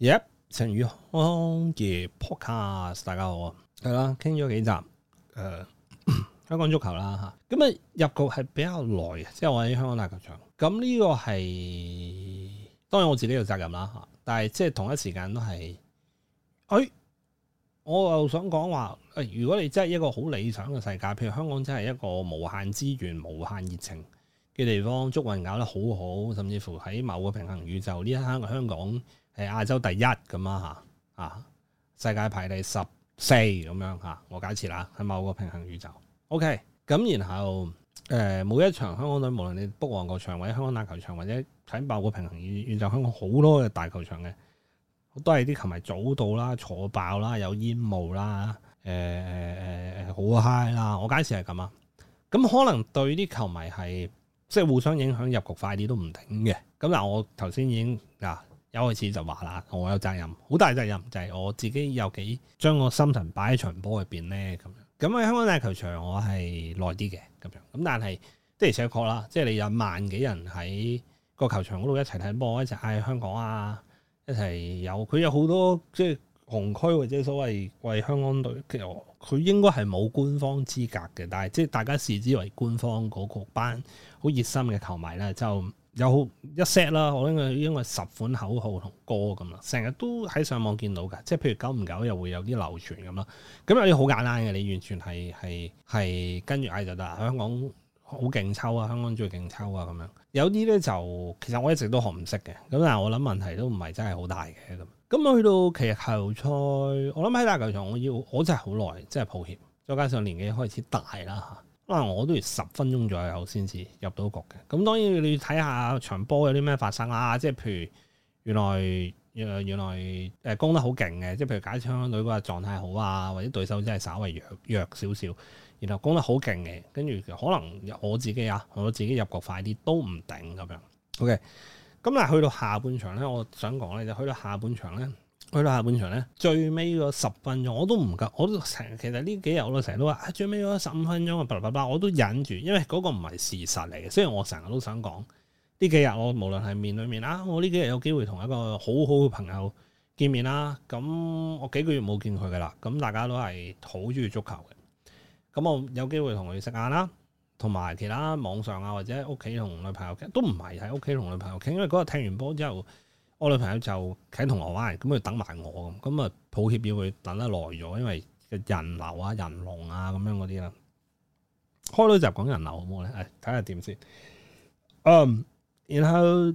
耶！陳、yep, 宇康嘅 podcast，大家好，啊，係啦，傾咗幾集，誒、呃， 香港足球啦嚇，咁啊入局係比較耐嘅，即係我喺香港大球場，咁呢個係當然我自己有責任啦嚇，但係即係同一時間都係，誒、哎，我又想講話誒，如果你真係一個好理想嘅世界，譬如香港真係一個無限資源、無限熱情嘅地方，足運搞得好好，甚至乎喺某個平衡宇宙呢一刻嘅香港。係亞洲第一咁啊嚇啊！世界排第十四咁樣嚇，我解釋啦，喺某個平衡宇宙。OK，咁然後誒、呃，每一場香港隊，無論你 book 旺角場，或者香港大球場，或者睇爆個平衡宇宙，香港好多嘅大球場嘅，都係啲球迷早到啦，坐爆啦，有煙霧啦，誒誒誒，好 high 啦！我解釋係咁啊，咁可能對啲球迷係即係互相影響入局快啲都唔定嘅。咁嗱，我頭先已經嗱。呃一開始就話啦，我有責任，好大責任就係、是、我自己有幾將我心神擺喺場波入邊咧咁樣。咁喺香港大球場我，我係耐啲嘅咁樣。咁但係的而且確啦，即係你有萬幾人喺個球場嗰度一齊睇波，一齊嗌香港啊，一齊有佢有好多即係紅區或者所謂為香港隊，其實佢應該係冇官方資格嘅，但係即係大家視之為官方嗰個班好熱心嘅球迷咧就。有一 set 啦，我拎佢，因為十款口號同歌咁啦，成日都喺上網見到嘅，即係譬如久唔久又會有啲流傳咁啦。咁有啲好簡單嘅，你完全係係係跟住嗌就得。香港好勁抽啊，香港最勁抽啊咁樣。有啲咧就其實我一直都學唔識嘅。咁但係我諗問題都唔係真係好大嘅咁。咁我去到其實球賽，我諗喺大球場我要我真係好耐，真係抱歉，再加上年紀開始大啦嚇。啊！我都要十分鐘左右先至入到局嘅。咁當然你睇下場波有啲咩發生啦，啊。即係譬如原來誒、呃、原來誒、呃、攻得好勁嘅，即係譬如解放隊嘅狀態好啊，或者對手真係稍微弱弱少少，然後攻得好勁嘅，跟住可能我自己啊我自己入局快啲都唔定咁樣。OK，咁但去到下半場咧，我想講咧就去到下半場咧。去到下半場咧，最尾嗰十分鐘我都唔夠，我都成日其實呢幾日我都成日都話最尾嗰十五分鐘啊，巴拉巴我都忍住，因為嗰個唔係事實嚟嘅。雖然我成日都想講，呢幾日我無論係面對面啦，我呢幾日有機會同一個好好嘅朋友見面啦。咁我幾個月冇見佢噶啦，咁大家都係好中意足球嘅。咁我有機會同佢食晏啦，同埋其他網上啊，或者屋企同女朋友傾都唔係喺屋企同女朋友傾，因為嗰日踢完波之後。我女朋友就喺銅鑼灣，咁佢等埋我咁，咁啊抱歉要佢等得耐咗，因為人流啊、人龍啊咁樣嗰啲啦。開到就講人流好唔好咧？誒，睇下點先。嗯，然後誒，佢、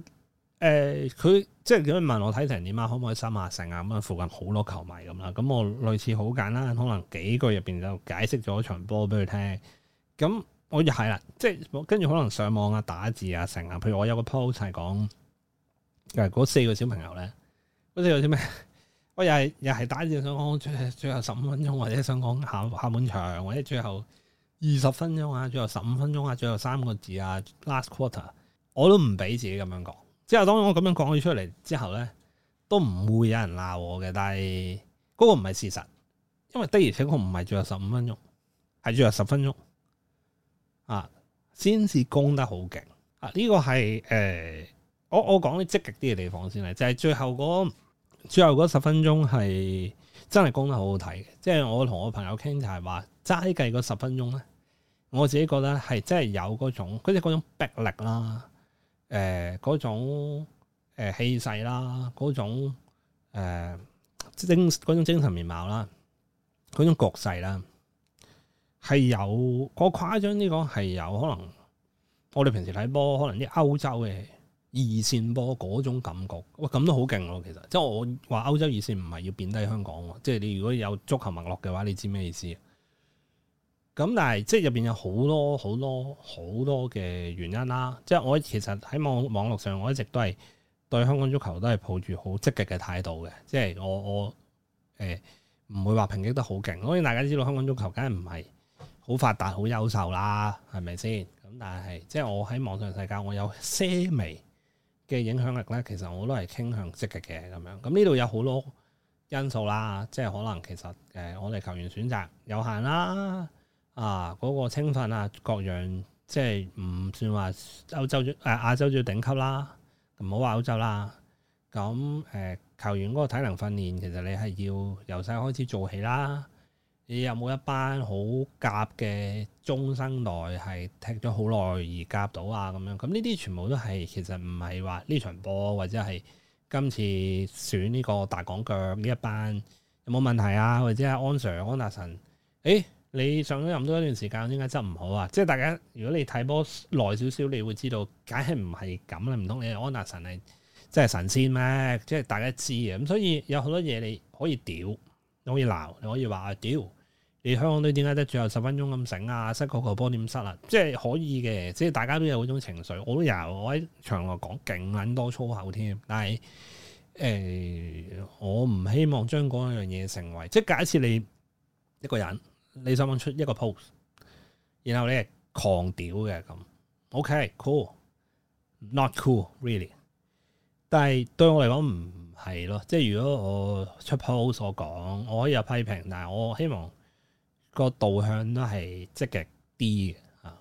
呃、即係佢問我睇成點啊，可唔可以三啊成啊咁啊？附近好多球迷咁啦，咁我類似好簡單，可能幾句入邊就解釋咗場波俾佢聽。咁我就係啦，即係跟住可能上網啊、打字啊、成啊，譬如我有個 post 係講。嗰四個小朋友咧，嗰四個小朋友，我又係又係打字想講最最後十五分鐘，或者想講下下半場，或者最後二十分鐘啊，最後十五分鐘啊，最後三個字啊，last quarter，我都唔俾自己咁樣講。樣之後當我咁樣講咗出嚟之後咧，都唔會有人鬧我嘅。但係嗰個唔係事實，因為的而且確唔係最後十五分鐘，係最後十分鐘啊，先至攻得好勁啊，呢、這個係誒。呃我我講啲積極啲嘅地方先啦，就係、是、最後嗰最後十分鐘係真係攻得好好睇嘅。即、就、係、是、我同我朋友傾就係話齋計嗰十分鐘咧，我自己覺得係真係有嗰種，嗰種逼力啦，誒、呃、嗰種誒氣勢啦，嗰種誒、呃、精嗰種精神面貌啦，嗰種局勢啦，係有我誇張啲講係有可能我哋平時睇波可能啲歐洲嘅。二線波嗰種感覺，喂咁都好勁喎！其實，即係我話歐洲二線唔係要貶低香港喎，即係你如果有足球脈絡嘅話，你知咩意思？咁但係即係入邊有好多好多好多嘅原因啦。即係我其實喺網網絡上，我一直都係對香港足球都係抱住好積極嘅態度嘅。即係我我誒唔會話抨擊得好勁。當然大家知道香港足球梗係唔係好發達、好優秀啦，係咪先？咁但係即係我喺網上世界，我有些微嘅影響力咧，其實我都係傾向積極嘅咁樣。咁呢度有好多因素啦，即係可能其實誒、呃，我哋球員選擇有限啦，啊嗰、那個青訓啊各樣即係唔算話歐洲誒、呃、亞洲最頂級啦，唔好話歐洲啦。咁誒、呃、球員嗰個體能訓練，其實你係要由細開始做起啦。你有冇一班好夾嘅中生代係踢咗好耐而夾到啊？咁樣，咁呢啲全部都係其實唔係話呢場波或者係今次選呢個大港腳呢一班有冇問題啊？或者阿安 Sir 安達臣，誒你上咗咁多一段時間，點解執唔好啊？即係大家如果你睇波耐少少，你會知道，梗係唔係咁啦？唔通你安達臣係即係神仙咩？即係大家知嘅咁，所以有好多嘢你可以屌，你可以鬧，你可以話屌。啊你香港隊點解得最後十分鐘咁醒啊？塞個球波點塞啊？即係可以嘅，即係大家都有嗰種情緒。我都有，我喺場內講勁捻多粗口添，但係誒、欸，我唔希望將嗰樣嘢成為即係假設你一個人，你想出一個 post 然後你係狂屌嘅咁，OK cool，not cool really。但係對我嚟講唔係咯，即係如果我出 post 所講，我可以有批評，但係我希望。個導向都係積極啲嘅啊！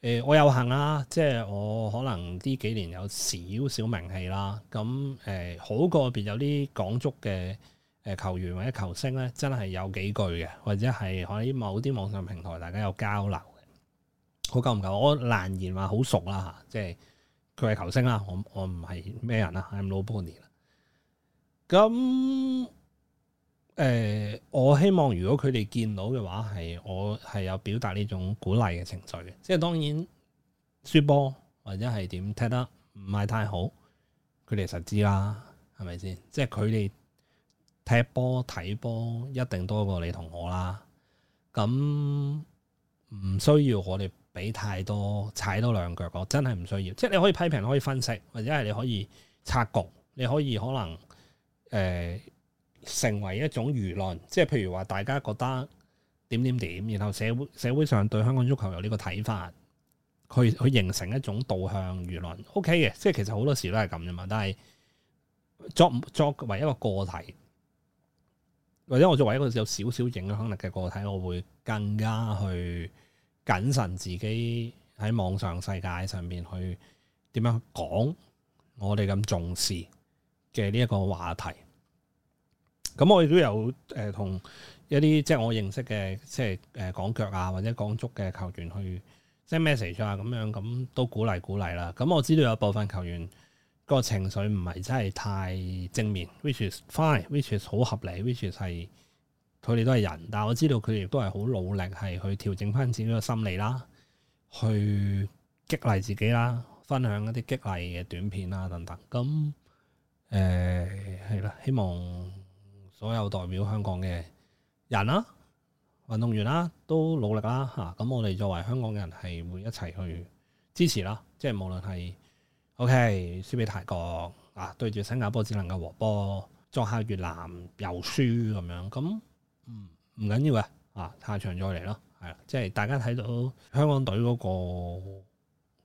誒、呃，我有幸啦，即係我可能呢幾年有少少名氣啦。咁誒、呃，好過別有啲港足嘅誒、呃、球員或者球星咧，真係有幾句嘅，或者係喺某啲網上平台大家有交流嘅。好夠唔夠？我難言話好熟啦吓，即係佢係球星啦，我我唔係咩人 I'm nobody 啦。咁。誒、呃，我希望如果佢哋見到嘅話，係我係有表達呢種鼓勵嘅情緒嘅。即係當然輸波或者係點踢得唔係太好，佢哋實知啦，係咪先？即係佢哋踢波睇波一定多過你同我啦。咁唔需要我哋俾太多踩多兩腳，我真係唔需要。即係你可以批評，可以分析，或者係你可以拆局，你可以可能誒，呃成為一種輿論，即係譬如話，大家覺得點點點，然後社會社會上對香港足球有呢個睇法，去去形成一種導向輿論，OK 嘅。即係其實好多時都係咁啫嘛。但係作作為一個個體，或者我作為一個有少少影響力嘅個體，我會更加去謹慎自己喺網上世界上面去點樣講我哋咁重視嘅呢一個話題。咁我亦都有誒同、呃、一啲即係我認識嘅即係誒港腳啊，或者港足嘅球員去 send message 啊，咁樣，咁都鼓勵鼓勵啦。咁、嗯、我知道有部分球員個情緒唔係真係太正面，which is fine，which is 好合理，which is 係佢哋都係人，但係我知道佢哋都係好努力係去調整翻自己嘅心理啦，去激勵自己啦，分享一啲激勵嘅短片啦等等。咁誒、係、呃、啦，希望。所有代表香港嘅人啦、啊，運動員啦、啊，都努力啦嚇。咁、啊、我哋作為香港嘅人係會一齊去支持啦。即係無論係 O.K. 輸俾泰國啊，對住新加坡只能夠和波，作客越南又輸咁樣，咁唔唔緊要嘅啊，下場再嚟咯。係啦，即係大家睇到香港隊嗰、嗰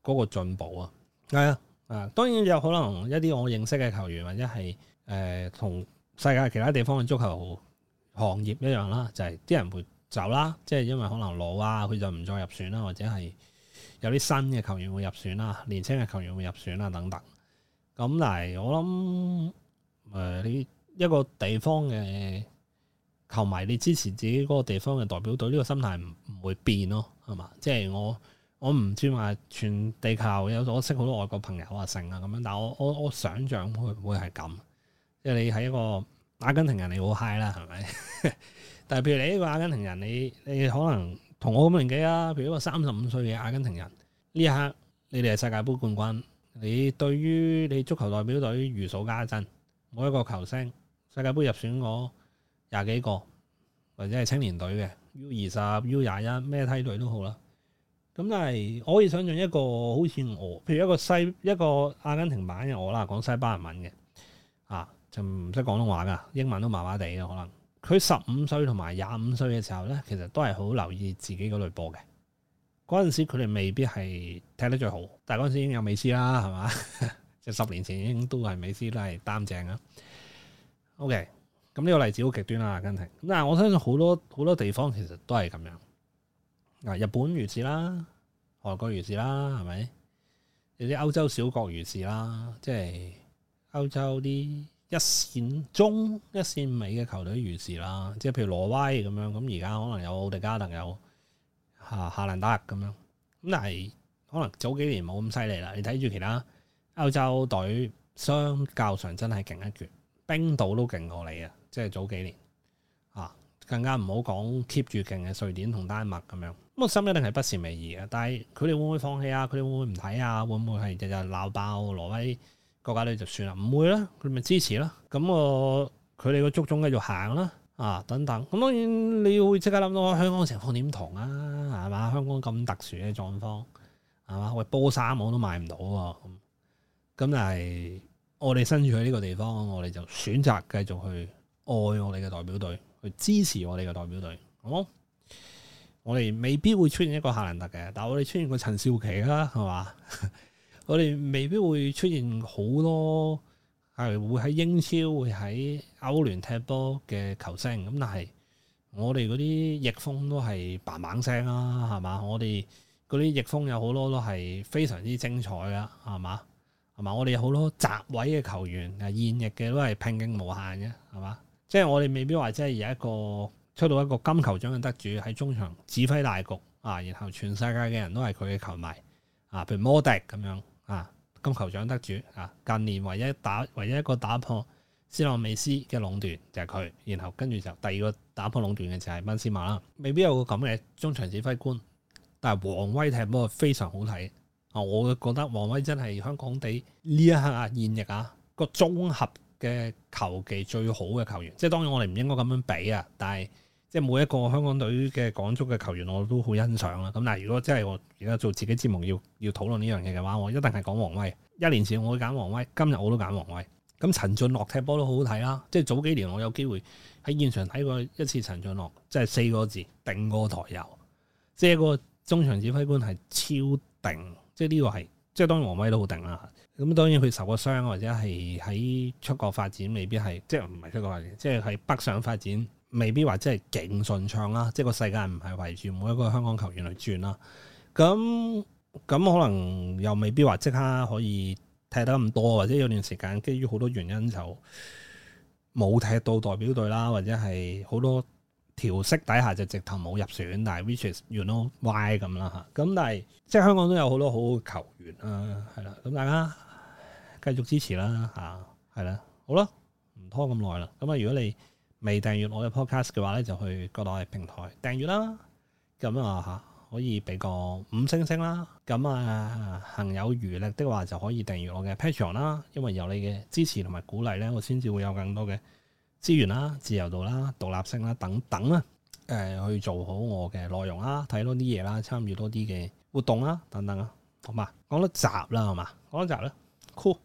個嗰、嗰個、進步啊，係啊啊，當然有可能一啲我認識嘅球員或者係誒、呃、同。世界其他地方嘅足球行業一樣啦，就係啲人會走啦，即係因為可能老啊，佢就唔再入選啦，或者係有啲新嘅球員會入選啦，年輕嘅球員會入選啦等等。咁但係，我諗誒，呢一個地方嘅球迷，你支持自己嗰個地方嘅代表隊，呢個心態唔唔會變咯，係嘛？即係我我唔知話全地球有，咗識好多外國朋友啊，成啊咁樣，但係我我我想象會會係咁。即係你喺一個阿，你是是 你個阿根廷人，你好嗨 i 啦，係咪？但係譬如你呢個阿根廷人，你你可能同我咁年紀啦，譬如一個三十五歲嘅阿根廷人，呢一刻你哋係世界盃冠軍，你對於你足球代表隊如數家珍，每一個球星世界盃入選嗰廿幾個，或者係青年隊嘅 U 二十、U 廿一，咩梯隊都好啦。咁但係可以想像一個好似我，譬如一個西一個阿根廷版嘅我啦，講西班牙文嘅。就唔識廣東話噶，英文都麻麻地嘅可能。佢十五歲同埋廿五歲嘅時候呢，其實都係好留意自己嗰類波嘅。嗰陣時佢哋未必係踢得最好，但係嗰陣時已經有美斯啦，係嘛？即 十年前已經都係美斯都係擔正啦。OK，咁呢個例子好極端啦，阿根廷。但係我相信好多好多地方其實都係咁樣。啊，日本如是啦，韓國如是啦，係咪？有啲歐洲小國如是啦，即係歐洲啲。一線中、一線尾嘅球隊如是啦，即係譬如挪威咁樣，咁而家可能有奧迪加能有嚇夏蘭德咁樣，咁但係可能早幾年冇咁犀利啦。你睇住其他歐洲隊相較上真係勁一橛，冰島都勁過你啊！即係早幾年啊，更加唔好講 keep 住勁嘅瑞典同丹麥咁樣。咁我心一定係不善未已嘅，但係佢哋會唔會放棄啊？佢哋會唔會唔睇啊？會唔會係日日鬧爆挪威？國家隊就算啦，唔會啦，佢咪支持啦。咁我佢哋個足總繼續行啦，啊等等。咁當然你要會即刻諗到香、啊，香港嘅情況點同啊？係嘛？香港咁特殊嘅狀況係嘛？喂，波衫我都買唔到喎。咁咁但係我哋身處喺呢個地方，我哋就選擇繼續去愛我哋嘅代表隊，去支持我哋嘅代表隊。好，我哋未必會出現一個夏蘭特嘅，但係我哋出現個陳少琪啦，係嘛？ 我哋未必會出現好多係會喺英超、會喺歐聯踢波嘅球星，咁但係我哋嗰啲逆風都係棒棒聲啦，係嘛？我哋嗰啲逆風有好多都係非常之精彩嘅，係嘛？係嘛？我哋好多雜位嘅球員啊，現役嘅都係拼勁無限嘅，係嘛？即係我哋未必話即係有一個出到一個金球獎嘅得主喺中場指揮大局啊，然後全世界嘅人都係佢嘅球迷啊，譬如摩迪咁樣。金球獎得主啊，近年唯一打唯一一個打破 C 朗美斯嘅壟斷就係佢，然後跟住就第二個打破壟斷嘅就係賓斯馬啦，未必有個咁嘅中場指揮官，但係王威踢波非常好睇啊！我會覺得王威真係香港地呢一刻啊現役啊個綜合嘅球技最好嘅球員，即係當然我哋唔應該咁樣比啊，但係。即係每一個香港隊嘅港足嘅球員，我都好欣賞啦。咁但係如果真係我而家做自己節目要要討論呢樣嘢嘅話，我一定係講王威。一年前我會揀王威，今日我都揀王威。咁陳俊樂踢波都好好睇啦。即係早幾年我有機會喺現場睇過一次陳俊樂，即係四個字定過抬油，即係個中場指揮官係超定。即係呢個係即係當然王威都好定啦。咁當然佢受過傷或者係喺出國發展未必係，即係唔係出國發展，即係喺北上發展。未必話真係勁順暢啦，即係個世界唔係圍住每一個香港球員嚟轉啦。咁咁可能又未必話即刻可以踢得咁多，或者有段時間基於好多原因就冇踢到代表隊啦，或者係好多調色底下就直頭冇入選，但係 which is unknown why 咁啦嚇。咁但係即係香港都有好多好嘅球員啊，係啦。咁大家繼續支持啦嚇，係啦。好啦，唔拖咁耐啦。咁啊，如果你未訂閱我嘅 podcast 嘅話咧，就去各大平台訂閱啦。咁啊嚇，可以俾個五星星啦。咁啊，行有餘力的話，就可以訂閱我嘅 Patreon 啦。因為有你嘅支持同埋鼓勵咧，我先至會有更多嘅資源啦、自由度啦、獨立性啦等等啊。誒、呃，去做好我嘅內容啦，睇多啲嘢啦，參與多啲嘅活動啦，等等啊，好嘛？講多集啦，好嘛？講多集啦，Cool！